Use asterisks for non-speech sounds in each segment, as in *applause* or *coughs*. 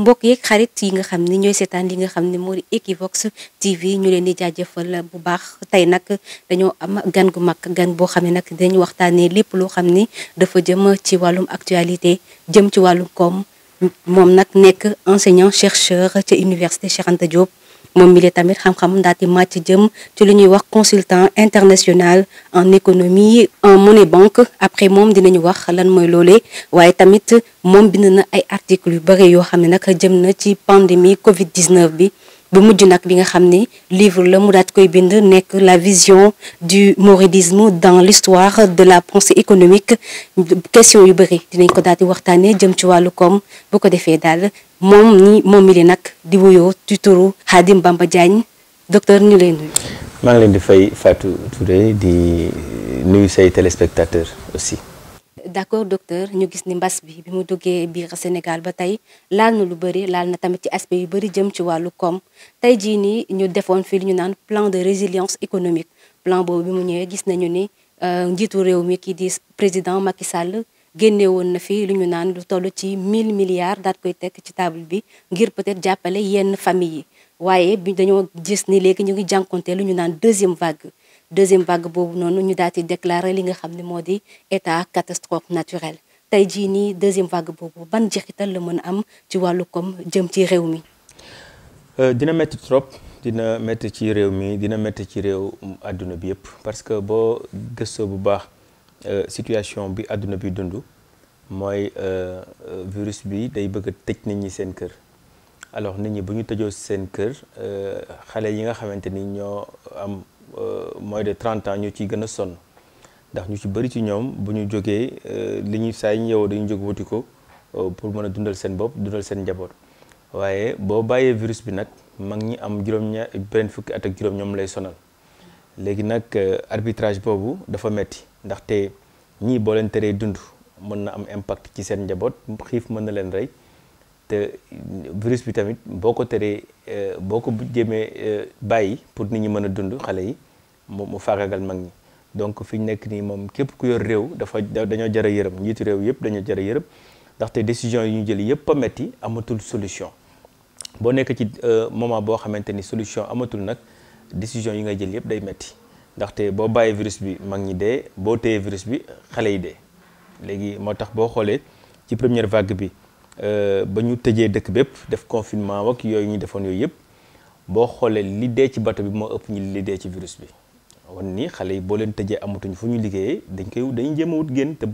mbokk yeeg xarit yi nga xam ni ñooy seetaan li nga xam ni moo di Equivox TV ñu leen di jaajëfal bu baax tey nag dañoo am gan gu mag gan boo xam ne nag dañu waxtaanee lépp loo xam ni dafa jëm ci wàllum actualité jëm ci wàllum koom moom nag nekk enseignant chercheur ca université Cheikh Anta Diop. moom mi tamit xam-xam daal di màcc jëm ci lu ñuy wax consultant international en économie en monnaie banque après moom dinañu wax lan mooy loole waaye tamit moom bind na ay articles yu bëri yoo xam ne nag jëm na ci pandémie Covid 19 bi. ba mujj nag bi nga xam ni livre la mu daat koy bind nekk la vision du mouridisme dans l'histoire de la pensée économique question yu bëri dinañ ko daal di waxtaanee jëm ci wàllu koom bu ko defee daal moom ni mi li nag di wuyoo ci turu Khadim Bamba Diagne docteur ñu lay nuyu. maa ngi leen di fay Fatou Touré di nuyu say téléspectateurs aussi. d'accord docteur ñu gis ni mbas bi bi mu duggee biir Sénégal ba tey laal na lu bëri laal na tamit ci aspect yu bëri jëm ci wàllu koom tey jii nii ñu defoon fii li ñu naan plan de résilience économique plan boobu bi mu ñëwee gis nañu ni euh, njiitu réew mi kii di président Macky Sall génne woon na fi lu ñu naan lu toll ci 1000 milliards daat koy teg ci table bi ngir peut-être jàppale yenn famille yi waaye bi dañoo gis ni léegi ñu ngi jànkoonte lu ñu naan deuxième vague deuxième vague boobu noonu ñu daal di déclarer li nga xam ne moo di état catastrophe naturelle tey jii nii deuxième vague boobu ban jeexital la mën a am ci wàllu koom jëm ci réew mi. Euh, dina métti trop dina métti ci réew mii dina métti ci réew àdduna bi yëpp parce que boo gëstoo bu baax euh, situation bi àdduna bi dund mooy euh, virus bi day bëgg a tëj nit ñi seen kër. alors nit ñi bu ñu tëjoo seen kër xale yi nga xamante ni ñoo am. Euh, mooy de 30 ans ñu ciy gën a sonn ndax ñu ci bëri ci ñoom bu ñu jógee euh, li ñuy saay yi ñu yeewoo dañu jóg wuti ko euh, pour mën a dundal seen bopp dundal seen njaboot waaye boo bàyyee virus bi nag mag ñi am juróom-ña benn fukki at ak juróom ñoom lay sonal léegi nag arbitrage boobu dafa metti ndaxte ñii boo leen teree dund mën na am impact ci seen njaboot xiif mën na leen rey te virus bi tamit boo ko teree boo ko jéemee bàyyi pour nit ñi mën a dund xale yi mu mu faagagal mag ñi donc fi ñu nekk nii moom képp ku yor réew dafa dañoo jara yërëm njiitu réew yëpp dañoo jara yërëm ndaxte décision yi ñu jël yëpp a metti amatul solution boo nekk ci euh, moment boo xamante ni solution amatul nag décision yi ngay jël yëpp day metti ndaxte boo bàyyi virus bi mag ñi dee boo téye virus bi xale yi dee léegi moo tax boo xoolee ci première vague bi euh, ba ñu tëjee dëkk bépp def confinement ak yooyu ñu defoon yooyu yëpp boo xoolee li dee ci bato bi moo ëpp ñi li dee ci virus bi wan nii xale yi boo leen tëjee amatuñ fu ñu liggéeyee dañ koy dañuy jéem a wut génn te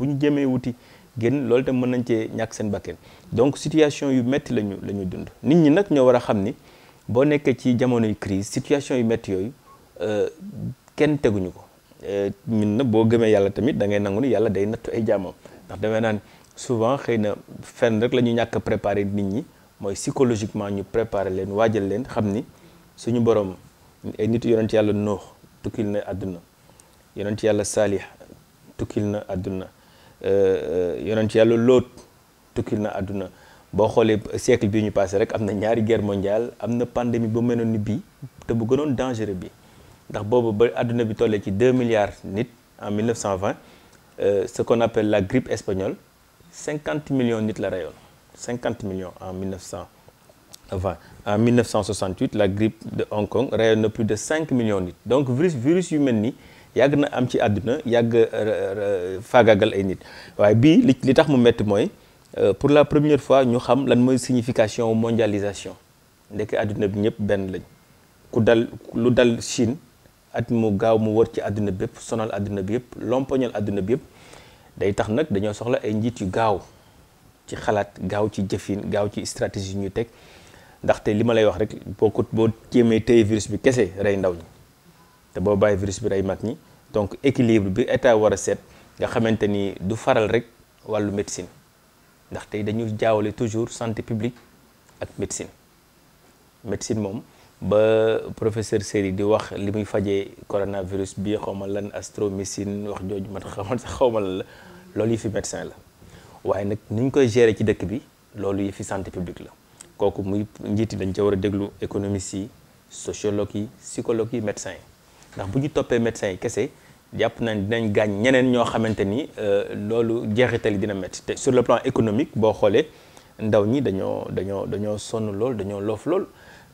wuti génn loolu tam mën nañ cee ñàkk seen bakkeen donc situation yu métti lañu la ñu dund nit ñi nag ñoo war a xam ni boo nekkee ci jamonoy crise situation yu métti yooyu euh, kenn teguñu ko min euh, na boo gëmee yàlla tamit da ngay nangu ni yàlla day nattu ay jaamam ndax damay naan souvent xëy na fenn rek la ñu ñàkk préparer nit ñi mooy psychologiquement ñu préparer leen waajal leen xam ni suñu borom ay nit yonent yàlla noox tukkil na àdduna yonent yàlla saalih tukkil na àdduna euh, yonent yàlla lóot tukkil na àdduna boo xoolee siècle bii ñu passé rek am na ñaari guerre mondiale am na pandémie ba meloon ni bii te bu gënoon dangereux bi ndax boobu ba àdduna bi tollee ci 2 milliards nit en 1920 euh, ce qu'on appelle la grippe espagnole 50 millions nit la rayoon 50 millions en 1900 2020. En 1968 la grippe de Hong Kong rayoon na plus de cinq millions nit donc virus virus yu mel ni yàgg na am ci àdduna yàgg euh, euh, faagaagal ay nit waaye bii li tax mu metti mooy euh, pour la première fois ñu xam lan mooy signification mondialisation ndekk àdduna bi ñëpp benn lañ ku dal lu dal Chine at mu gaaw mu wër ci àdduna bi yëpp sonal àdduna bi yëpp lompoñal àdduna bi yëpp day tax nag dañoo soxla ay njiit yu gaaw ci xalaat gaaw ci jëfin gaaw ci stratégie ñu teg ndaxte li ma lay wax rek boo ko boo jéemee téye virus bi kese rey ndaw ñi te boo bàyyi virus bi rey mag ñi donc équilibre bi état war a set nga xamante ni du faral rek wàllu médecine ndax tey dañu jaawale toujours santé publique ak médecine médecine moom ba professeur Seri di wax li muy fajee coronavirus bi xawma lan astromycine wax jooju man xawma sax xawma lan la loolu yi fi médecin la waaye nag ni ñu koy gérer ci dëkk bi loolu yi fi santé publique la kooku muy njiit yi dañ ca war a déglu économistes si sociologues yi psychologues yi médecins yi ndax bu ñu toppee médecins yi kese jàpp nañ dinañ gaañ ñeneen ñoo xamante ni euh, loolu jeexital yi dina métti te sur le plan économique boo xoolee ndaw ñi dañoo dañoo dañoo sonn lool dañoo loof lool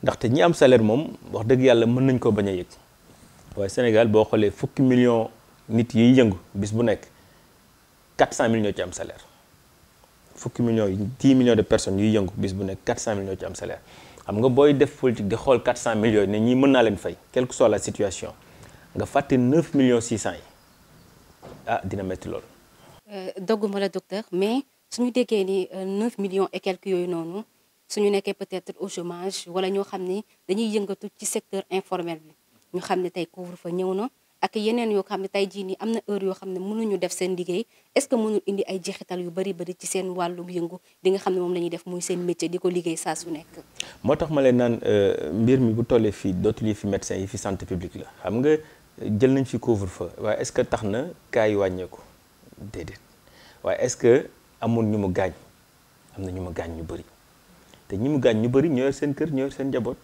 ndaxte ñi am salaire moom wax dëgg yàlla mën nañ ko bañ a yëg waaye Sénégal boo xoolee fukki million nit yi yëngu bis bu nekk 400 000 ñoo ci am salaire fukki millions yi 10 millions de personnes yuy yëngu bis bu nekk 400 millions ci am salaire xam nga booy def politique di xool 400 millions yi ne ñii mën naa leen fay quelle soit la situation nga fàtte 9 millions 600 yi ah dina métti loolu. Euh, dogguma la docteur mais su ñu déggee ni 9 euh, millions et quelques yooyu noonu suñu nekkee peut-être au chômage wala ñoo xam ni dañuy yëngatu ci secteur informel bi ñu xam ne tey couvre fa ñëw na. ak yeneen yoo xam ne tey jii nii am na heure yoo xam ne mënuñu def seen liggéey est-ce que mënul indi ay jeexital yu bari bari ci seen wàllu yëngu di nga xam ne moom la ñuy def muy seen métier di ko liggéey saa su nekk. moo tax ma leen naan euh, mbir mi bu tollee fii dootul yi fi médecin yi fi santé publique la xam nga jël nañ fi couvre-feu waaye est-ce que tax na kaay yi wàññeeku déedéet waaye est-ce que amul ñu mu gaañ am na ñu mu gaañ ñu bari te ñu mu gaañ ñu bari ñoo yor seen kër ñoo seen njaboot.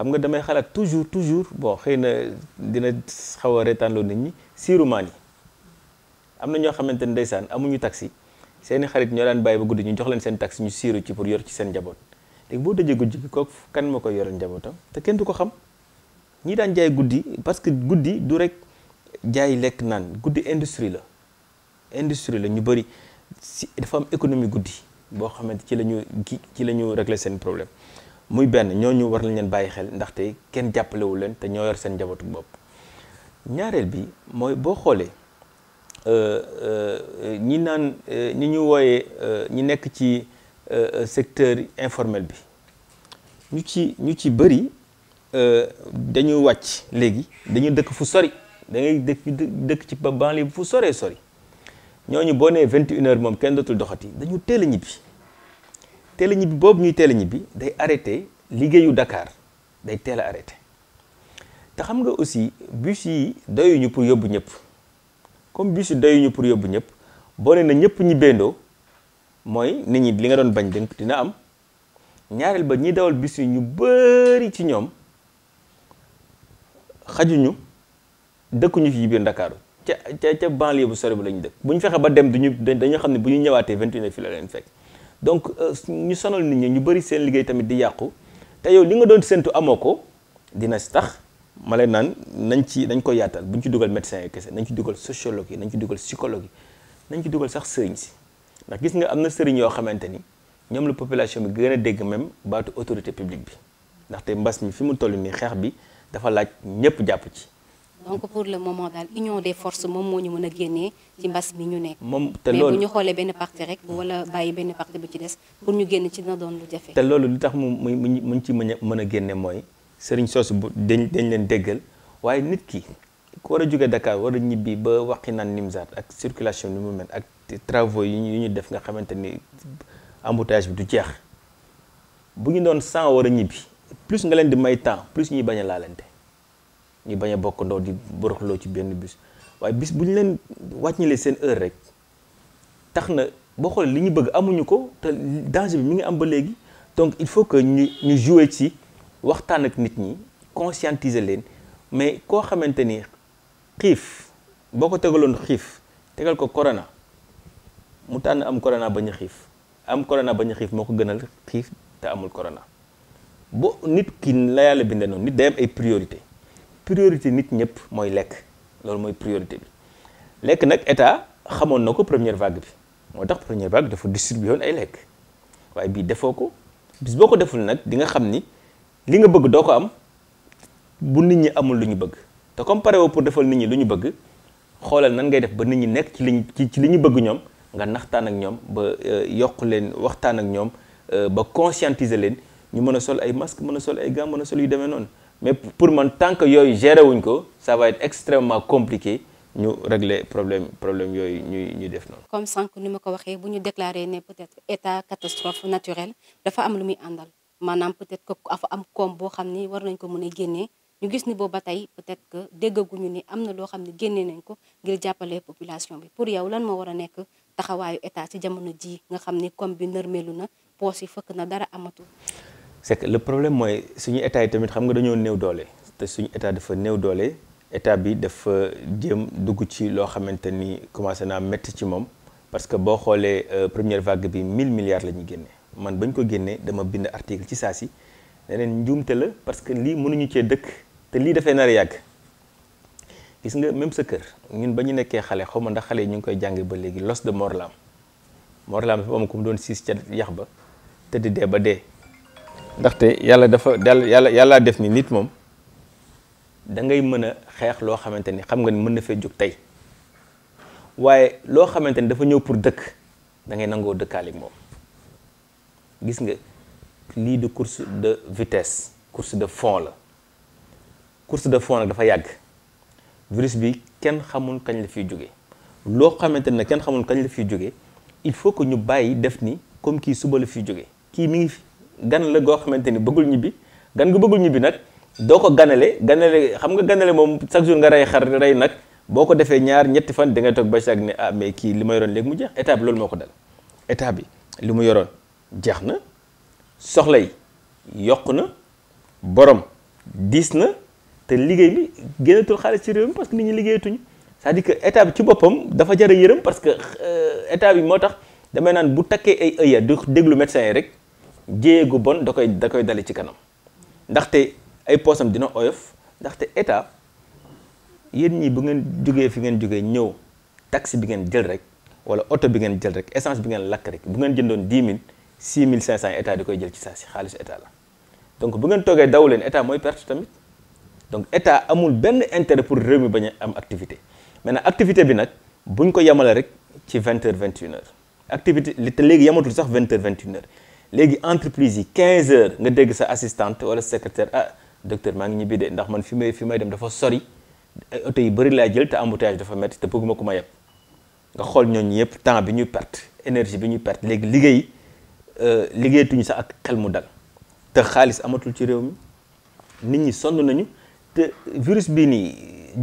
xam nga damay xalaat toujours toujours boo xëy na dina xaw a reetaanloo nit ñi maan yi am na ñoo xamante ne ndeysaan amuñu taxi seeni xarit ñoo daan bàyyi ba guddi ñu jox leen seen taxi ñu siiru ci pour yor ci seen njaboot léegi boo dëjee guddi gi kooku kan ma koy yoral njabootam te kenn du ko xam ñi daan jaay guddi parce que guddi du rek jaay lekk naan guddi industrie la industrie la ñu bëri si dafa am économie guddi boo xamante ci la ñu ci la ñu régler seen problème muy benn ñooñu war nañ leen bàyyi xel ndaxte kenn jàppalewu leen te ñoo yor seen njabootu bopp ñaareel bi mooy boo xoolee euh, euh, ñi naan euh, ñi ñu wooyee ñi nekk ci secteur informel bi ñu ci ñu ci bëri dañuy wàcc léegi dañuy dëkk fu sori da ngay dëkk dëkk ci banlieue fu soree sori ñooñu boo nee 21 heures moom kenn dootul doxati dañu teel a ñibbi. teel a ñibbi boobu ñuy teel a ñibbi day arrêté liggéeyu Dakar day teel a te xam nga aussi bus yi doyuñu pour yóbbu ñëpp comme bus yi doyuñu pour yóbbu ñëpp boo nee na ñëpp ñibbeendoo mooy nit ñi li nga doon bañ dënk dina am ñaareel ba ñiy dawal bus yi ñu bëri ci ñoom xajuñu dëkkuñu fii biir Ndakaaru ca ca ca banlieue bu sori bu la ñu dëkk bu ñu fexe ba dem duñu dañu xam ne bu ñu ñëwaatee 21 fii la leen fekk. donc euh, ñu sonal nit ñi ñu bëri seen liggéey tamit di yàqu te yow li nga doon séntu amoo ko dina si tax ma leen naan nañ ci dañ ko yaatal bu ñu ci dugal médecin yi kese nañ ci dugal sociologue yi nañ ci dugal psychologue yi nañ ci dugal sax sëriñ si ndax gis nga am na sëriñ yoo xamante ni ñoom la population bi gën a dégg même baatu autorité publique bi ndaxte mbas mi fi mu toll nii xeex bi dafa laaj ñëpp jàpp ci donc pour le moment daal union des force moom moo ñu mën a génne ci mbas mi ñu nekk. moom te loolu mais bu ñu xoolee benn parti rek wala bàyyi benn parti bu ci des pour ñu génn ci dina doon lu te loolu li tax mu mu mu ci mën a mën a génne mooy sëriñ soosu bu dañ dañ leen déggal waaye nit ki ku war a jóge Dakar war a ñibbi ba waxi naan Nimzaat ak circulation ni mu mel ak travaux yi ñu def nga xamante ni embouteillage bi du jeex bu ñu doon 100 war a ñibbi plus nga leen di may temps plus ñuy bañ a laalante. ñu bañ a bokkandoo di boroxloo ci benn bis waaye bis bu ñu leen wàññilee seen heure rek tax na boo xoolee li ñu bëgg amuñu ko te danger bi mi ngi am ba léegi donc il faut que ñu ñu jouer ci waxtaan ak nit ñi conscientiser leen mais koo xamante ni xiif boo ko tegaloon xiif tegal ko corona mu tànn am corona bañ xiif am corona bañ xiif moo ko gënal xiif te amul corona bo nit kii la yàlla bindee noonu nit day am ay priorité priorité nit ñëpp mooy lekk loolu mooy priorité bi lekk nag état xamoon na ko première vague bi moo tax première vague dafa distribué woon ay lekk waaye bii defoo ko bis boo ko deful nag di nga xam ni li nga bëgg doo ko am bu nit ñi amul lu ñu bëgg te comme pare woo pour defal nit ñi lu ñu bëgg xoolal nan ngay def ba nit ñi nekk ci liñ ci li ñu bëgg ñoom nga naxtaan ak ñoom ba euh, yokk leen waxtaan ak ñoom euh, ba conscientiser leen ñu mën a sol ay masque mën a sol ay gants mën sol yu demee noonu mais pour man tant que yooyu gérer wuñ ko ça va être extrêmement compliqué ñu régler problème problème yooyu ñuy ñuy def noonu. comme sànq ni ma ko waxee bu ñu déclaré ne peut-être état catastrophe naturelle dafa am lu muy àndal maanaam peut-être ko dafa am koom boo xam ni war nañ ko mën a génnee ñu gis ni boobu ba tey peut-être que déggaguñu ni am na loo xam ne génnee nañ ko ngir jàppalee population bi pour yow lan moo war a nekk taxawaayu état ci jamono ji nga xam ni koom bi nërmeelu na poos yi fëkk na dara amatul. c'est que le problème mooy suñu état yi tamit xam nga dañoo néew doole te suñu état dafa néew doole état bi dafa jéem dugg ci loo xamante ni commencé naa métti ci moom parce que boo xoolee euh, première vague bi 1000 milliards la génnee man bañ ko génnee dama bind article ci saa si neneen njuumte la parce que lii mënuñu cee dëkk te lii dafay nar yàgg gis nga même sa kër ñun ba ñu nekkee xale xaw ma ndax xale yi ñu ngi koy jànge ba léegi los de Morlam Morlam dafa am ku mu doon siis yax ba tëdd dee ba dee. ndaxte yàlla dafa dal yàlla yàllaa def nii nit moom da ngay mën a xeex loo xamante ni xam nga ni mën na fee jóg tey waaye loo xamante ni dafa ñëw pour dëkk da ngay nangoo dëkkaalik moom gis nga lii de course de vitesse course de fond la course de fond nag dafa yàgg virus bi kenn xamul kañ la fiy jóge loo xamante ne kenn xamul kañ la fiy jóge il faut que ñu bàyyi def ni comme kii suba la fiy jóge kii mi ngi fi gan la goo xamante ni bëggul ñibbi gan nga bëggul ñibbi nag doo ko ganale ganale xam nga ganale moom chaque jour nga rey xar rey nag boo ko defee ñaar ñetti fan da ngay ba sag ne ah kii li ma yoroon léegi mu jeex état bi loolu moo ko dal état bi li mu yoroon jeex na soxla yi na borom diis na te liggéey bi génnatul xaalis ci réew mi parce que nit ñi liggéeyatuñu c'est-à-dire que état ci boppam dafa jar a yërëm parce que euh, état yi moo tax damay naan bu takkee ay ëya du déglu médecins yi rek jéegu bon da koy da koy dali ci kanam ndaxte ay poosam dina oyof ndaxte état yéen ñi bu ngeen jógee fi ngeen jógee ñëw taxi bi ngeen jël rek wala oto bi ngeen jël rek essence bi ngeen lakk rek bu ngeen jëndoon 10 000 cinq 500 état di koy jël ci saa si xaalisu état la donc bu ngeen toogee dawuleen leen mooy perte tamit donc état amul benn intérêt pour réew mi bañ a am activité maintenant activité bi nag buñ ko yemale rek ci 20 heures 21 activité li léegi yamatul sax 20 heures 21 léegi entreprise yi 15 heures nga dégg sa assistante wala secrétaire ah docteur maa ngi ñibbi de ndax man fi may fi may dem dafa sori ay oto yu bëri laa jël te embouteillage dafa métti te bëgguma ko ma yeb nga xool ñooñu yëpp temps bi ñu perte énergie bi ñu perte léegi liggéey euh, liggéeyatuñu sax ak xel mu dal te xaalis amatul ci réew mi nit ñi sonn nañu te virus bii nii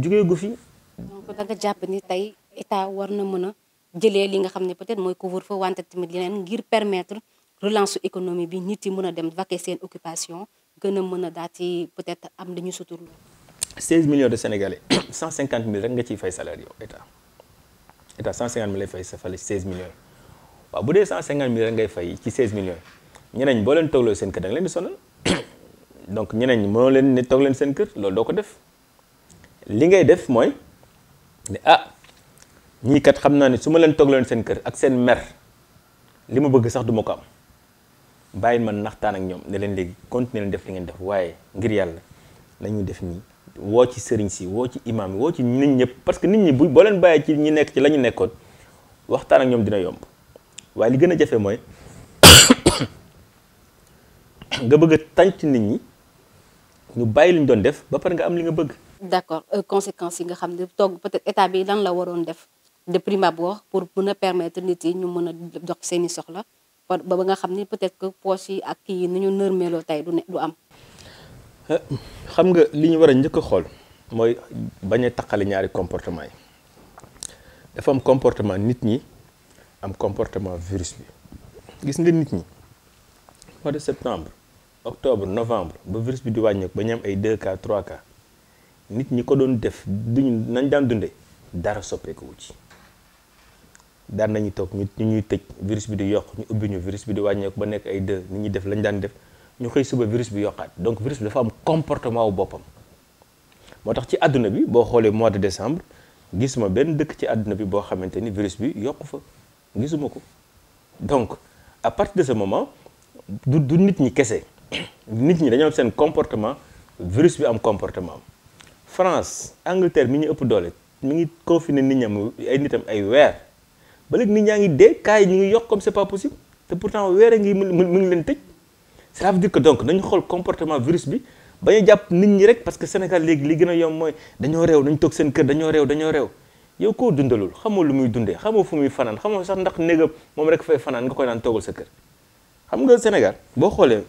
jugee gu fi. donc da nga jàpp ni tey état war na mën a jëlee li nga xam ne peut-être mooy couvre wante tamit yeneen ngir permettre. relance économie bi nit yi mën a dem vaquer seen occupation gën a mën a daal ci peut-être am dañu suturlu 16 millions de sénégalais 150 *coughs* mill rek nga ciy fay salaire yow état état 150 000 lay fay sa fale 16 millions waaw bu dee 150 000 rek ngay fay ci 16 millions ñeneeñ boo leen toogloo seen kër da nga leen di sonal *coughs* donc ñeneen ñi mënoo leen ne toog leen seen kër loolu doo ko def li ngay def mooy ne ah ñii kat xam naa ne su ma leen toog leen seen kër ak seen mer li ma bëgg sax duma ko am. bàyyil ma naxtaan ak ñoom ne leen léegi continuer leen def li ngeen def waaye ngir yàlla nañu def nii woo ci sëriñ si woo ci imaam woo ci nit ñëpp parce que nit ñi bu boo leen bàyyi ci nekk ci la ñu nekkoon waxtaan ak ñoom dina yomb waaye li gën a jafe mooy *coughs* nga bëgg a tànc nit ñi ñu bàyyi li ñu doon def ba pare nga am li nga bëgg. d'accord euh, conséquences yi nga xam ne toog peut-être état bi lan la waroon def de prime abord pour mën a permettre nit yi ñu mën a dox seeni soxla. ba ba nga xam ni peut-être que poche yi ak kii yi ni ñu nërmeeloo tey du ne du am. Eh, xam nga li ñu war a njëkk a xool mooy bañ a taqale ñaari comportement yi dafa am comportement nit ñi am comportement virus bi gis nga nit ñi mois de septembre octobre novembre ba virus bi di wàññeeku ba ñu am ay 2 cas trois cas nit ñi ko doon def duñu nañ daan dunde dara soppeeku wu ci. daan nañu toog ñu ñuy tëj virus bi di yokk ñu ubbi ñu virus bi di wàññeeku ba nekk ay de ni ñuy def lañ daan def ñu xëy suba virus bi yokkaat donc virus bi dafa am comportement wu boppam moo tax ci àdduna bi boo xoolee mois de décembre gis ma benn dëkk ci àdduna bi boo xamante ni virus bi yokku fa gisuma ko donc à partir de ce moment du du nit ñi kese *coughs* nit ñi dañoo seen comportement virus bi am comportement France Angleterre mi ñu ëpp doole mu ngi confiné nit ñam ay nitam ay weer ba léegi nit ñaa ngi dee cas yi ñu ngi yokk comme c'est pas possible te pourtant weer a ngi mu ngi leen tëj ça veut dire que donc nañu xool comportement virus bi bañu jàpp nit ñi rek parce que Sénégal léegi li gën a yomb mooy dañoo réew nañ toog seen kër dañoo réew dañoo réew yow koo dundalul xamoo lu muy dundee xamoo fu muy fanaan xamoo sax ndax néegam moom rek fay fanaan nga koy naan toogal sa kër xam nga Sénégal boo xoolee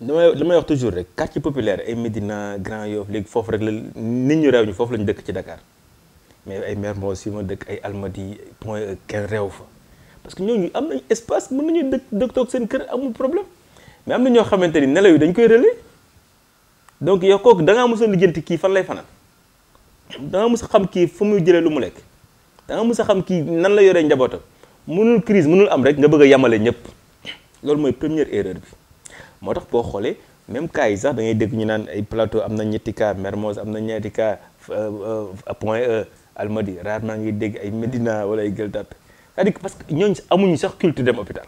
damay damay wax toujours rek quartier populaire ay Médina Grand Yoff léegi foofu rek la nit ñu réew ñu foofu lañu dëkk ci Dakar mais ay Mermoz yi ma dëkk ay Almadies point e kenn réew fa parce que ñooñu am nañ espace mën nañu dëkk dëkk seen kër amul problème mais am na ñoo xamante ni nelaw yi dañ koy relais donc yow kooku da ngaa mos a lijjanti kii fan lay fanaan da ngaa xam kii fu muy jëlee lu mu lekk da ngaa mos xam kii nan la yoree njabootam mënul crise mënul am rek nga bëgg a yamale ñëpp loolu mooy première erreur bi moo tax boo xoolee même cas yi sax da ngay dégg ñu naan ay plateau am na ñetti cas Mermoz am na ñetti cas euh, euh, point e. almadi naa ngi dégg ay Medina wala ay Gueule Tapée cest à parce que ñooñu amuñu sax culture dem hôpital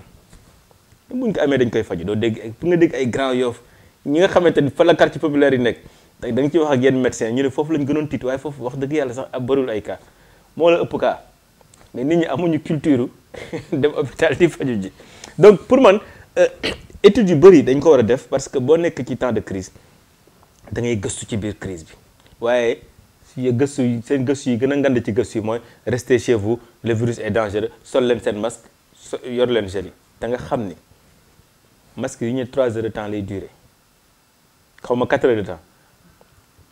buñ ko amee dañ koy faju doo dégg pour nga dégg ay Grand Yoff ñi nga xamante ni fa la quartier populaire yi nekk da nga ciy wax ak yenn médecin ñu ne foofu lañ gënoon tiit waaye foofu wax dëgg yàlla sax ab bëriwul ay cas moo la ëpp cas mais nit ñi amuñu culture *laughs* dem hôpital di faju ji donc pour man euh, *coughs* études yu bëri dañ ko war a def parce que boo nekk ci temps de crise da ngay gëstu ci biir crise bi gëstu yi seen gëstu yi gën a ngande ci gëstu yi mooy restez chez vous le virus est dangereux sol leen seen masque yor leen gel yi da nga xam ni masque yi ñu trois heures de temps lay durer xaw ma quatre heures de temps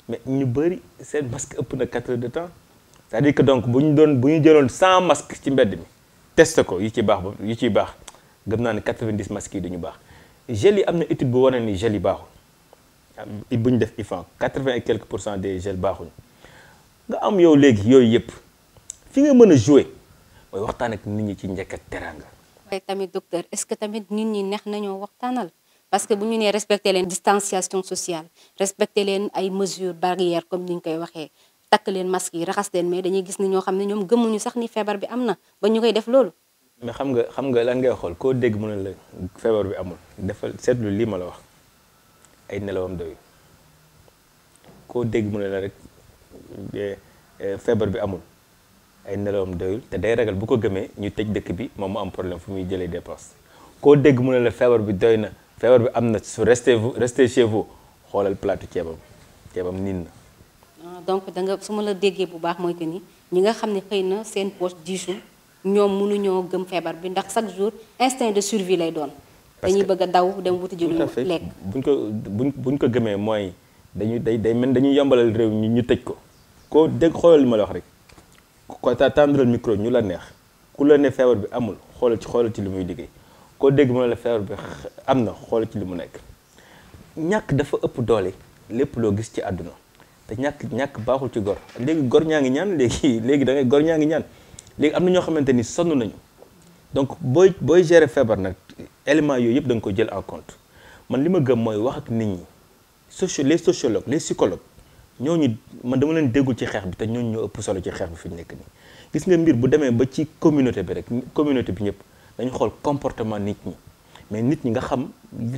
mais ñu bëri seen masque na quatre heures de temps dire que donc bu ñu doon bu ñu jëloon cent masques ci mbedd mi teste ko yi ci baax yi ciy baax gëm naa ni quatre-vingt-dix masques yi duñu baax gel yi am na étude bu wane ni gel yi baaxul bu ñu def IFAN quatre-vingt et quelques pour cent des gel baaxuñu nga am yow léegi yooyu yëpp fi nga mën a jouer mooy waxtaan ak nit ñi ci njëkk ak teraanga. waaye tamit docteur est-ce que tamit nit ñi neex nañoo waxtaanal parce que bu ñu nee respecté leen distanciation sociale respecté leen ay mesures barrières comme ni ñu koy waxee takk leen masque yi raxas leen mais dañuy gis ni ñoo xam ne ñoom gëmuñu sax ni feebar bi am na ba ñu koy def loolu. mais xam nga xam nga lan ngay xool koo dégg mu ne la feebar bi amul defal seetlu lii ma la wax ay nelawam doyul koo mu ne la rek Euh, euh, feebar bi amul ay nelawam doyul te day ragal bu ko gëmee ñu tëj dëkk bi moom mu am problème fu muy jëlee dépense koo dégg mu ne la feebar bi doy na feebar bi am na su restez vous xoolal plateau ceebam ceebam niin na. Ah, donc danga nga su ma la déggee bu baax mooy que ni ñi nga xam ne xëy na seen poche diisul ñoom mënuñoo gëm feebar bi ndax chaque jour instinct de survie lay doon. dañuy bëgg a daw dem wuti ji lu lekk. buñ ko buñ buñ ko gëmee mooy dañuy day day mel dañuy yombalal réew ñu ñu tëj ko. koo dégg xoolal li ma la wax rek ko tendre micro ñu la neex ku la ne feebar bi amul xoolal ci xoolal ci li muy liggéey koo dégg ma la feebar bi xa am na xoolal ci li mu nekk ñàkk dafa ëpp doole lépp loo gis ci àdduna te ñàkk ñàkk baaxul ci gor léegi gor ñaa ngi ñaan léegi léegi da gor ñaa ngi ñaan léegi am na ñoo xamante ni sonn nañu donc booy booy gérer feebar nag éléments yooyu yëpp da nga ko jël en compte man li ma gëm mooy wax ak nit ñi socio les sociologues les psychologues ñooñu man dama leen déggul ci xeex bi te ñooñu ñoo ëpp solo ci xeex bi fi ñu nekk nii gis nga mbir bu demee ba ci communauté bi rek communauté bi ñëpp dañu xool comportement nit ñi mais nit ñi nga xam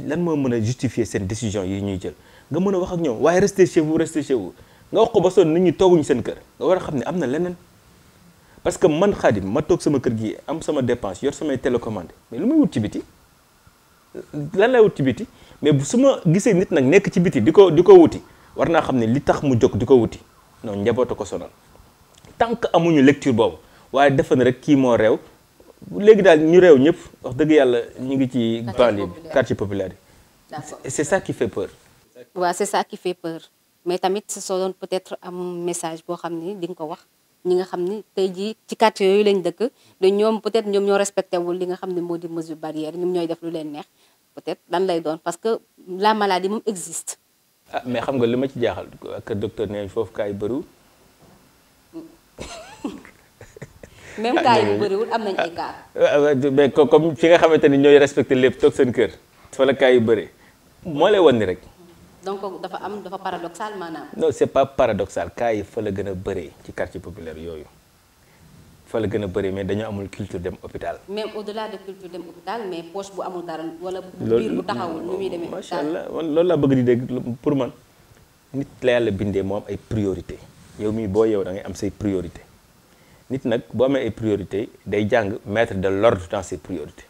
lan moo mën a justifier seen décision yi ñuy jël nga mën a wax ak ñoom waaye restez chez vous restez nga wax ko ba sonn nit ñi tooguñu seen kër nga war a xam ne am na leneen parce que man Khadim ma toog sama kër gi am sama dépense yor samay télécommande mais lu muy wut ci biti lan lay wut ci biti mais su ma gisee nit nag nekk ci biti di ko di ko wuti war naa xam ne li tax mu jóg di ko wuti non njaboota ko sonal tant que amuñu lecture boobu waaye defe na rek kii moo réew léegi daal ñu réew ñëpp wax dëgg yàlla ñu ngi ci banlieue bi quartier populaire yi c'est ça qui fait peur waaw c'est ça mais tamit soo doon peut-être am message boo xam ni di nga ko wax ñi nga xam ni tey jii ci quartier yooyu lañ dëkk de ñoom peut-être ñoom ñoo respecté wul li nga xam ni moo di mesure barrière ñoom ñooy def lu leen neex peut-être lan lay doon parce que la maladie moom existe ah mais xam nga li ma ci jaaxal ak docteur nee foofu kaay bëriwul. même cas yu ah, bëriwul am na ay cas. Ah, ah, mais comme fi nga xamante ni ñooy respecté lépp toog seen kër. wala cas yu bëri moo lay wan ni rek. donc dafa am dafa paradoxal maanaam. non c'est pas paradoxal cas yi fa la gën a bëree ci quartier populaire yooyu. fa la gën a bëri mais dañoo amul culture dem hôpital. même au delà de culture dem hôpital mais poche bu amul dara wala. biir bu taxawul nu muy macha allah loolu laa bëgg di dégg pour man nit la yàlla bindee moo am ay priorité yow mii boo yow da ngay am say priorité nit nag boo amee ay priorité day jàng mettre de l'ordre dans ses priorités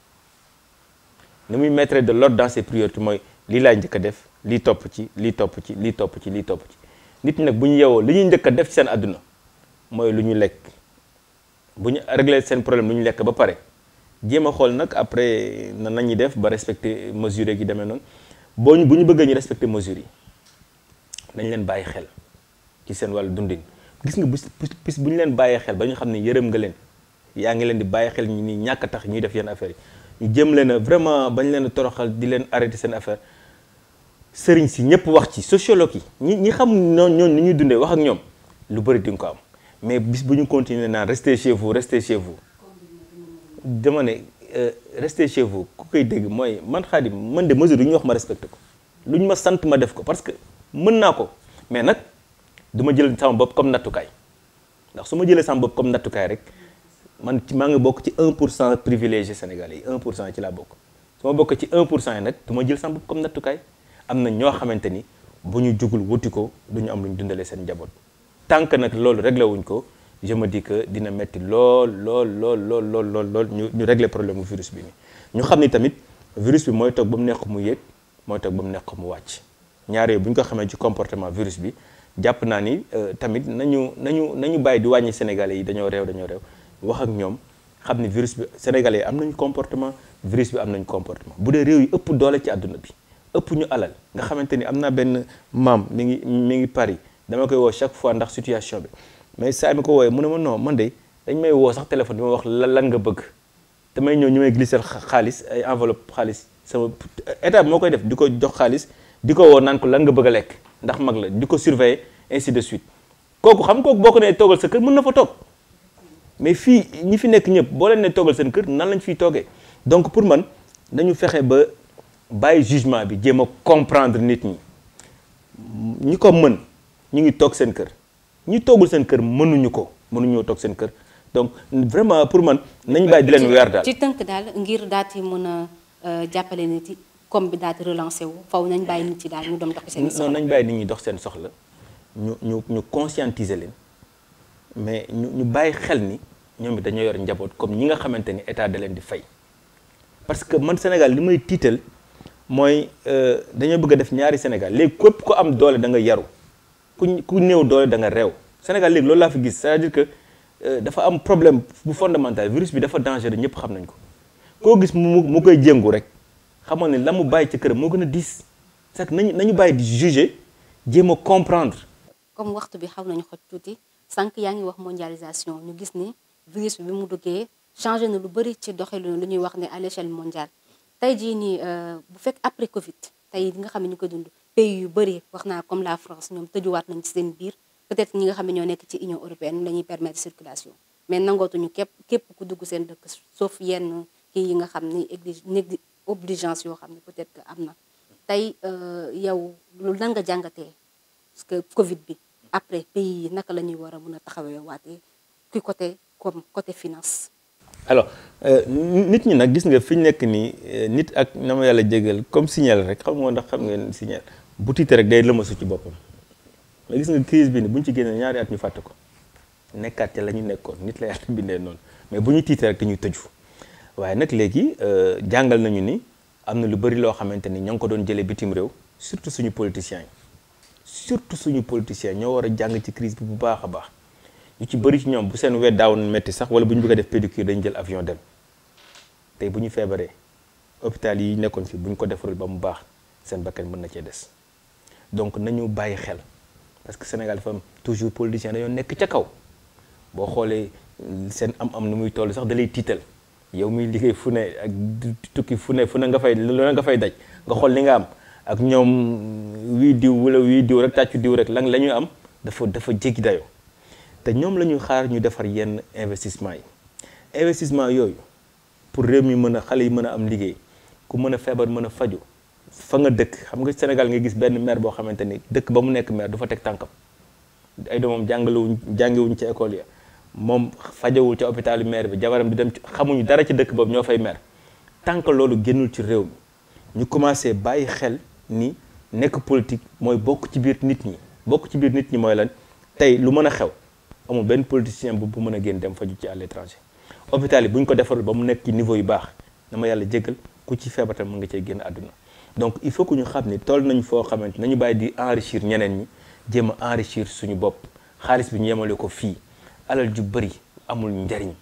ni muy mettre de l'ordre dans ses priorités mooy lii laa njëkk a def lii topp ci lii topp ci lii topp ci lii topp ci nit nag bu ñu yeewoo li ñuy njëkk a def seen àdduna mooy lu ñu lekk. bu ñu réglé seen problème lu ñu lekk ba pare jéem a xool nag après nan la ñuy def ba respecter mesures yi demee noonu boo ñu bu ñu bëggee ñu respecter mesures yi nañ leen bàyyi xel ci seen wàllu dundin gis nga bis bis bu ñu leen bàyyi xel ba ñu xam ne yërëm nga leen yaa ngi leen di bàyyi xel ñu nii ñàkk tax ñuy def yenn affaires yi ñu jëm leen a vraiment bañ leen a toroxal di leen arrêté seen affaire sëriñ si ñëpp wax ci sociologue yi ñi ñi xam ñoo ñoo ni ñuy dundee wax ak ñoom lu bëri di ko am. mais bis bu ñu continuer naan restez chez vous restez chez vous dama ne euh, restez chez ku koy dégg mooy man Xaadim man de mesure yu ñu wax ma respecté ko lu ñu ma sant ma def ko parce que mën naa ko mais nag du ma jël sama bopp comme nattukaay ndax su ma jëlee sama bopp comme nattukaay rek man ci maa ngi bokk ci 1 pour cent privilégié Sénégalais yi un pour cent ci laa bokk su ma bokk ci 1 pour cent yi nag du ma jël sama bopp comme nattukaay am na ñoo xamante ni bu ñu jugul wuti ko du ñu am lu ñu dundalee seen njaboot. tant que nag loolu réglé wuñ ko je me dis dina metti lool lool lool lool lool lool ñu ñu réglé problème mu virus bi nii ñu xam ni tamit virus bi mooy toog ba mu nekk mu yéeg mooy toog ba mu nekk mu wàcc ñaare bu ñu ko xamee ci comportement virus bi jàpp naa ni euh, tamit nañu nañu nañu bàyyi di wàññi sénégalais yi dañoo réew dañoo réew wax ak ñoom xam ni virus bi sénégalais yi am nañu comportement virus bi am nañu comportement bu dee réew yi ëpp doole ci àdduna bi ëpp ñu alal nga xamante ni am naa benn maam mi ngi mi ngi Paris dama koy woo chaque fois ndax situation bi mais saa mi ko wooyee mu ne ma non man de dañ may woo sax téléphone bi ma wax lan lan nga bëgg te may ñëw ñu may glisser xaalis ay enveloppe xaalis sama état moo koy def di ko jox xaalis di ko woo naan ko lan nga bëgg a lekk ndax mag la di ko surveiller ainsi de suite kooku xam kooku boo ko nee toogal sa kër mën na fa toog mais fii ñi fi nekk ñëpp boo leen ne toogal seen kër nan lañ fiy toogee donc pour man nañu fexe ba bàyyi jugement bi jéem a comprendre nit ñi ñi ko mën ñu ngi toog seen kër ñi toogul seen kër mënuñu ko mënuñoo toog seen kër donc vraiment pour man nañ bàyyi di leen weer daal. ci tënk daal ngir daati mën a euh, jàppale nit yi comme bi daal di wu faw nañ bàyyi nit yi daal ñu dem dox seen soxla. non nañ ñi seen soxla ñu ñu ñu conscientiser leen mais ñu ñu bàyyi xel ni ñoom it dañoo yor njaboot comme ñi nga xamante ni état da leen di fay. parce que man Sénégal li may tiital mooy euh, dañoo bëgg a def ñaari Sénégal léegi képp ko am doole danga yaru. ku ku néew doole da nga réew Sénégal léegi loolu laa fi gis c'est-à-dire que euh, dafa am problème bu fondamental virus bi dafa dangereux ñëpp xam nañ ko koo gis mu mu koy jéngu rek xamal ne la mu bàyyi ci kër moo gën a diis c'est que nañu nañu bàyyi di juger jéem a comprendre. comme waxtu bi xaw nañu tuuti sànq yaa ngi wax mondialisation ñu gis ni virus bi mu duggee changé na lu bëri ci doxalin lu ñuy wax ne à l'échelle mondiale tey jii nii euh, bu fekk après Covid tey di nga xam ne ñu ko dund. pays yu bëri wax naa comme la France ñoom tëjuwaat nañ ci seen biir peut-être ñi nga xam ne ñoo nekk ci union européenne la ñuy permettre circulation mais nangootuñu képp képp ku dugg seen dëkk sauf yenn kii yi nga xam ne négli obligeance yoo xam ne peut-être que am na tey euh, yow lu nan nga jàngatee parce que Covid bi après pays yi naka la ñuy war a mën a taxawee waatee ki côté comme côté finance alors euh, nit ñi nag gis nga fi ñu nekk nii euh, nit ak na ma yàlla jégal comme signal rek xam nga ndax xam ngeen signal bu tiitee rek day lëmasu ci boppam mais gis nga crise bi ni bu ñu ci génnee ñaari at ñu fàtte ko nekkaat ca la ñu nekkoon nit la yàlla bindee noonu mais bu ñu tiitee rek dañuy tëju waaye nag léegi euh, jàngal nañu ni am na lu bëri loo xamante ni ñoo ngi ko doon jëlee bitim réew surtout suñu politiciens yi surtout suñu politiciens ñoo war a jàng ci crise bi bu baax a baax ñu ci bëri ci ñoom bu seen wet daawoon métti sax wala bu ñu bëgg def pédicure dañu jël avion dem tey bu ñu feebaree hôpital yi nekkoon fi bu ñu ko defarul ba mu baax seen bakkan mën na cee des donc nañu bàyyi xel parce que Sénégal dafa am toujours politicien dañoo nekk ca kaw boo xoolee euh, seen am-am nu muy toll sax da tiital yow muy liggéey fu ne ak tukki fu ne fu ne nga fay lu nga fay daj nga xool li nga am ak ñoom euh, wii diw wala wii diw rek tàccu diw rek lan la ñu am dafa dafa jéggi dayoo te ñoom la ñuy xaar ñu defar yenn investissement yi investissement yooyu pour réew mi mën a xale yi mën a am liggéey ku mën a feebar mën a faju fa nga dëkk xam nga Sénégal nga gis benn maire boo xamante ni dëkk ba mu nekk maire du fa teg tànkam ay moom jàngalewuñ jàngiwuñ ci école ya moom fajawul ci yi maire bi jabaram di dem ci xamuñu dara ci dëkk boobu ñoo fay maire tànk loolu génnul ci réew ñu commencé bàyyi xel ni nekk politique mooy bokk ci biir nit ñi bokk ci biir nit ñi mooy lan tey lu mën a xew amul benn politicien bu bu mën a génn dem faju ci à l'étranger hôpital yi bu ñu ko defarul ba mu nekk ci niveau yu baax dama yàlla jégal ku ci feebar tam mën nga cee génn àdduna donc il faut que ñu xam ni toll nañ foo xamante nañu bàyyi di enrichir ñeneen ñi jéem a enrichir suñu bopp xaalis bi ñu yemale ko fii alal ju bëri amul njariñ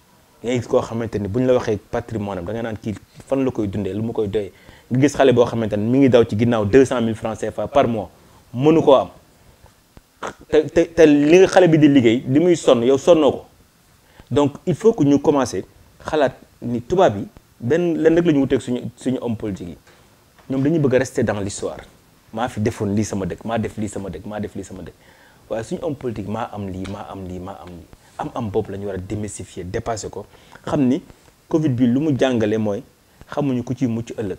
nga gis koo xamante ni bu ñu la waxee patrimoine am da nga naan kii fan la koy dundee lu mu koy doyee nga gis xale boo xamante ni mi ngi daw ci ginnaaw 200000 francs CFA par mois mënu koo am te te te xale bi di liggéey li muy sonn yow sonnoo ko donc il faut que ñu commencer xalaat ni tubaab yi benn lenn rek la suñu suñu homme yi ñoom dañuy bëgg a rester dans l'histoire maa fi defoon lii sama dëkk maa def lii sama dëkk maa def lii sama dëkk waaye suñu homme politique am lii maa am lii maa am lii am am boobu la ñu war a démystifier dépassé ko xam ni Covid bi lu mu jàngale mooy xamuñu ku ci mucc ëllëg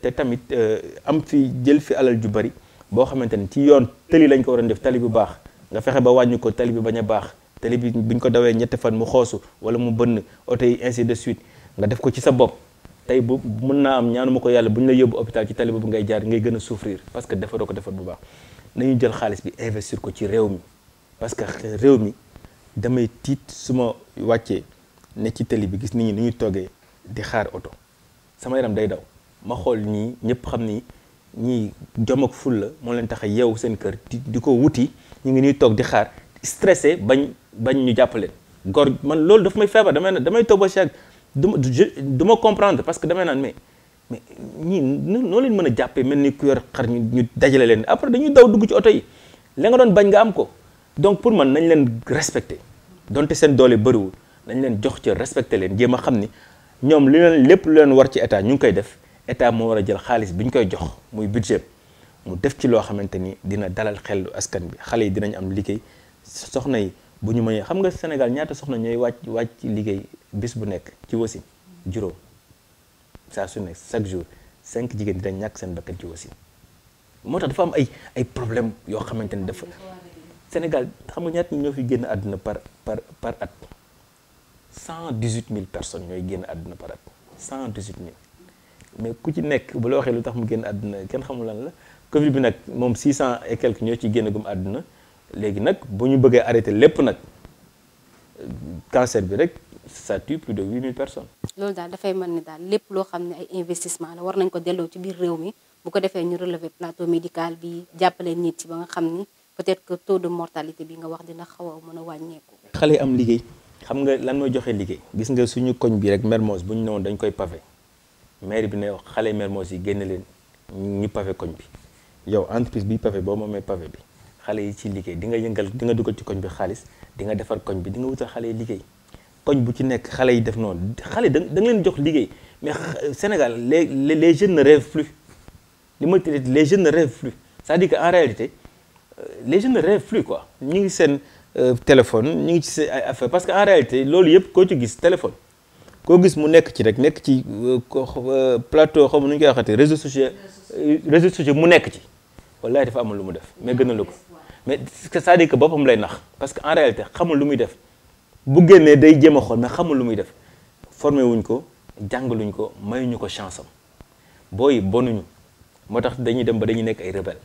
te tamit euh, am fi jël fi alal ju bari boo xamante ni ci yoon tëli lañ ko war waroon def tali bu baax nga fexe ba wàññi ko tali bi bañ a baax tali bi buñ ko dawee ñetti fan mu xoosu wala mu bënn oto yi de suite nga def ko ci sa bopp. tey bu mën naa am ñaanu ma ko yàlla bu ñu la yóbbu hôpital ci tali boobu ngay jaar ngay gën a souffrir parce que defaroo ko defar bu baax nañu jël xaalis bi investir ko ci réew mi parce que réew mi damay tiit su ma wàccee ne ci tali bi gis nit ñi ni ñuy toggee di xaar oto sama yaram day daw ma xool ñii ñëpp xam ni ñi jom ak ful la moo leen tax a seen kër di ko wuti ñu ngi nuy toog di xaar stressé bañ bañ ñu jàppaleen gor man loolu daf may feebar damay duma ma du comprendre parce que damay naan mais mais ñii noo leen mën a jàppee mel ni ku xar ñu ñu dajale leen après dañuy daw dugg ci oto yi la nga doon bañ nga am ko donc pour man nañ leen respecté donte seen doole bëriwul nañ leen jox ci respecté leen jéem a xam ni ñoom li leen lépp lu leen war ci état ñu ngi koy def état moo war a jël xaalis bi ñu koy jox muy budget mu def ci loo xamante ni dina dalal xelu askan bi xale yi dinañ am liggéey soxna yi. bu ñu mënee xam nga Sénégal ñaata soxna ñooy wàcc wàcc liggéey bis bu nekk ci wasin juróom saa su nekk chaque jour cinq jigéen dañ ñàkk seen bakkan ci wasin moo tax dafa am ay ay problème yoo xamante ni dafa Sénégal xam nga ñaata ñoo fi génn àdduna par par par at cent dix huit mille personnes ñooy génn àdduna par at cent dix huit mille mais ku ci nekk bu la waxee lu tax mu génn àdduna kenn xamul lan la Covid bi nag moom six cent et quelques ñoo ci génn àdduna. léegi nag bu ñu bëggee arrêté lépp nag cancer bi rek ça tue plus de huit mille personnes. loolu daal dafay mën ni daal lépp loo xam ne ay investissement la war nañ ko delloo ci biir réew mi bu ko defee ñu relever plateau médical bi jàppale nit ci ba nga xam ni peut-être que taux de mortalité bi nga wax dina xaw a mën a wàññeeku. xale yi am liggéey xam nga lan mooy joxe liggéey. gis nga suñu koñ bi rek Mermoz bu ñu newoon dañu koy pavé maire bi ne xale Mermoz yi génne leen ñu pavé koñ bi yow entreprise bi pavé boo moomee pavé bi. xale yi ci liggéey di nga yëngal di nga dugal ci koñ bi xaalis dinga nga defar koñ bi di nga wutal xale yi liggéey koñ bu ci nekk xale yi def noonu xale da nga leen jox liggéey mais euh, Sénégal les les jeunes ne rêvent plus li ma tuddee les jeunes ne rêvent plus c'est-à-dire que en euh, les jeunes ne ñu ngi seen euh, téléphone ñu ngi ci seen ay affaire parce que en réalité loolu yëpp koo ci gis téléphone koo gis mu nekk ci rek nekk ci plateau xaw ma nu ñu koy waxatee réseaux sociaux réseaux sociaux mu nekk ci wallahi def amul lu mu def mais gënalu ko mais c'est-à-dire que boppam lay nax parce que en réalité xamul lu muy def bu génnee day jéem a xool mais xamul lu muy def formé wuñ ko jàngaluñ ko mayuñu ko chance am booy bonuñu moo tax dañuy dem ba dañuy nekk ay rebelle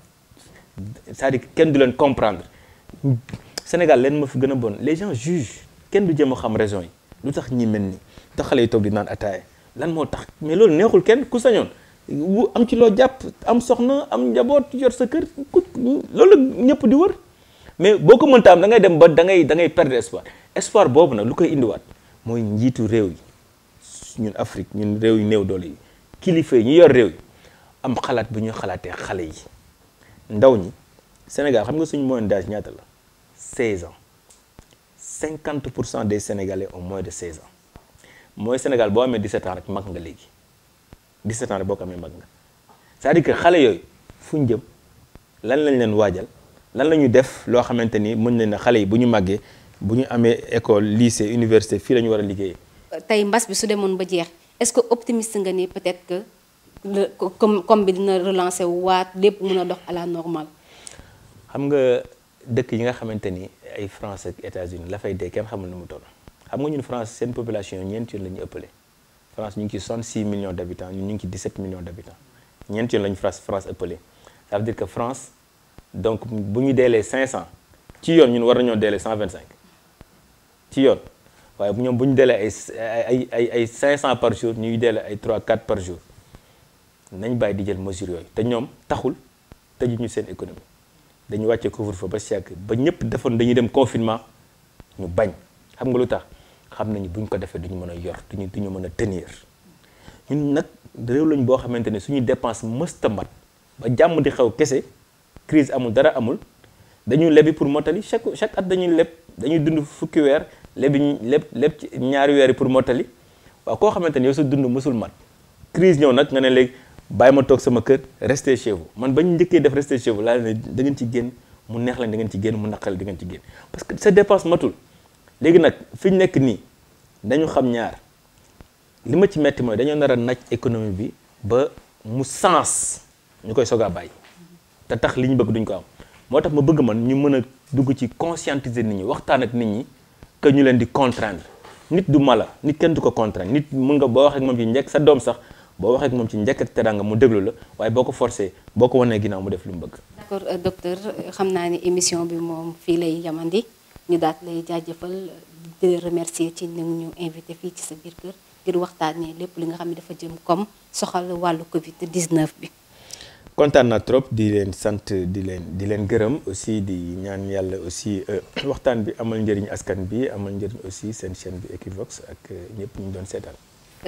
cest à kenn du leen comprendre Sénégal leen ma fi gën a bon les gens kenn du jéem xam raison yi lu tax ñi mel ni tax xale yi toog di naan ataaya lan moo tax mais loolu neexul kenn ku sañoon. wu am ci loo jàpp am soxna am njaboot yor sa kër loolu ñëpp di wër mais boo ko mënta am da ngay dem ba da ngay da ngay perdre espoir espoir boobu nag lu koy indiwaat mooy njiitu réew yi ñun Afrique ñun réew yu néew doole yi kilifa yi ñu yor réew yi am xalaat bu ñuy xalaatee xale yi ndaw ñi Sénégal xam nga suñu moyen d'âge ñaata la 16 ans 50 pour cent de Sénégalais ont mois de 16 ans mooy Sénégal boo amee 17 ans rek mag nga léegi. 17 ans rek boo ko amee mag nga c'est-à-dire que xale yooyu fu ñu jëm lan lañ leen waajal lan la ñu def loo xamante ni mën nañ ne xale yi bu ñu màggee bu ñu amee école lycée université fii la ñu war a liggéeyee. tey mbas bi su demoon ba jeex est-ce que optimiste nga ni peut-être que comme comme bi dina relancer waat lépp mën a dox à la normale. xam nga dëkk yi nga xamante ni ay France ak États-Unis la fay dee kenn xamul nu mu toll xam nga ñun France seen population ñeent yoon la ñu ëppale. France ñu ngi ci 66 millions d' habitants ñun ñu ngi ci 17 millions d' habitants ñeent yoon lañu France France ëppale ça dire que France donc bu ñu deelee 500 ci yoon ñun war nañoo deelee 125 ci yoon waaye ñoom bu ñu deelee ay ay ay 500 par jour ñuy deelee ay 3 4 par jour nañ bàyyi di jël mesure yooyu te ñoom taxul tëju ñu seen économie dañu wàccee couvre-feu ba si yàgg ba ñëpp defoon dañuy dem confinement ñu bañ xam nga lu tax. xam nañu buñ ko defee duñu mën a yor duñu ñu mën a tenir ñu nag réew lañ boo xamante ne suñuy dépense mësta mat ba jàmm di xew kese crise amul dara amul dañuy lebi pour mottali chaque chaque at dañuy leb dañuy dund fukki weer lebi leb leb ci ñaari weer pour mottali waaw koo xamante ne yow sa dund mësul mat crise ñëw nag nga ne léegi bàyyi ma toog sama kër rester chez vous man bañ njëkkee def rester chez vous laa ne da ngeen ci génn mu neex leen da ngeen ci génn mu naqal da ngeen ci génn que sa matul léegi nag fi ñu nekk nii dañu xam ñaar li ma ci metti mooy dañoo nara a naj économie bi ba mu sens ñu koy soog a bàyyi te tax li ñu bëgg duñ ko am moo tax ma bëgg man ñu mën a dugg ci conscientiser nit ñi waxtaan ak nit ñi que ñu leen di contraindre nit du mala nit kenn du ko contraindre nit mën nga boo waxee ak moom ci njëkk sa doom sax boo waxee ak moom ci njëkk ak teraanga mu déglu la waaye boo ko forcé boo ko wanee ginnaaw mu def lu mu bëgg. ñu daal lay jaajëfal di remercier ci ni ñu invité fii ci sa biir kër ngir waxtaanee lépp li nga xam ne dafa jëm comme soxal wàllu Covid 19 bi. kontaan naa trop di leen sant di leen di leen gërëm aussi di ñaan yàlla aussi euh, waxtaan bi amal njëriñ askan bi amal njëriñ aussi seen chaîne bi Equivox ak euh, ñëpp ñu doon seetaan.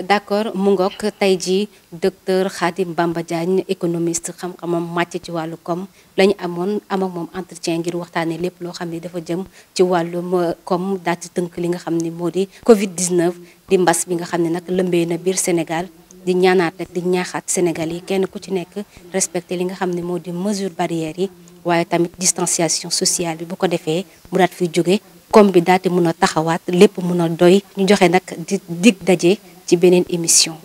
d'accord mu ngoog tey jii docteur Khadim Bamba Diagne économiste xam-xamam màcc ci wàllu koom la ñu amoon am moom entretien ngir waxtaanee lépp loo xam ne dafa jëm ci wàllum euh, koom daal di tënk li nga xam ni moo di Covid 19 di mbas bi nga xam ne nag lëmbee na biir Sénégal di ñaanaat rek di ñaaxaat Sénégal yi kenn ku ci nekk respecté li nga xam ne moo di mesure barrières yi waaye tamit distanciation sociale bi bu ko defee bu daat fi jóge comme bi daal di mun a taxawaat lépp mun a doy ñu joxe nag di dig daje. ci beneen émission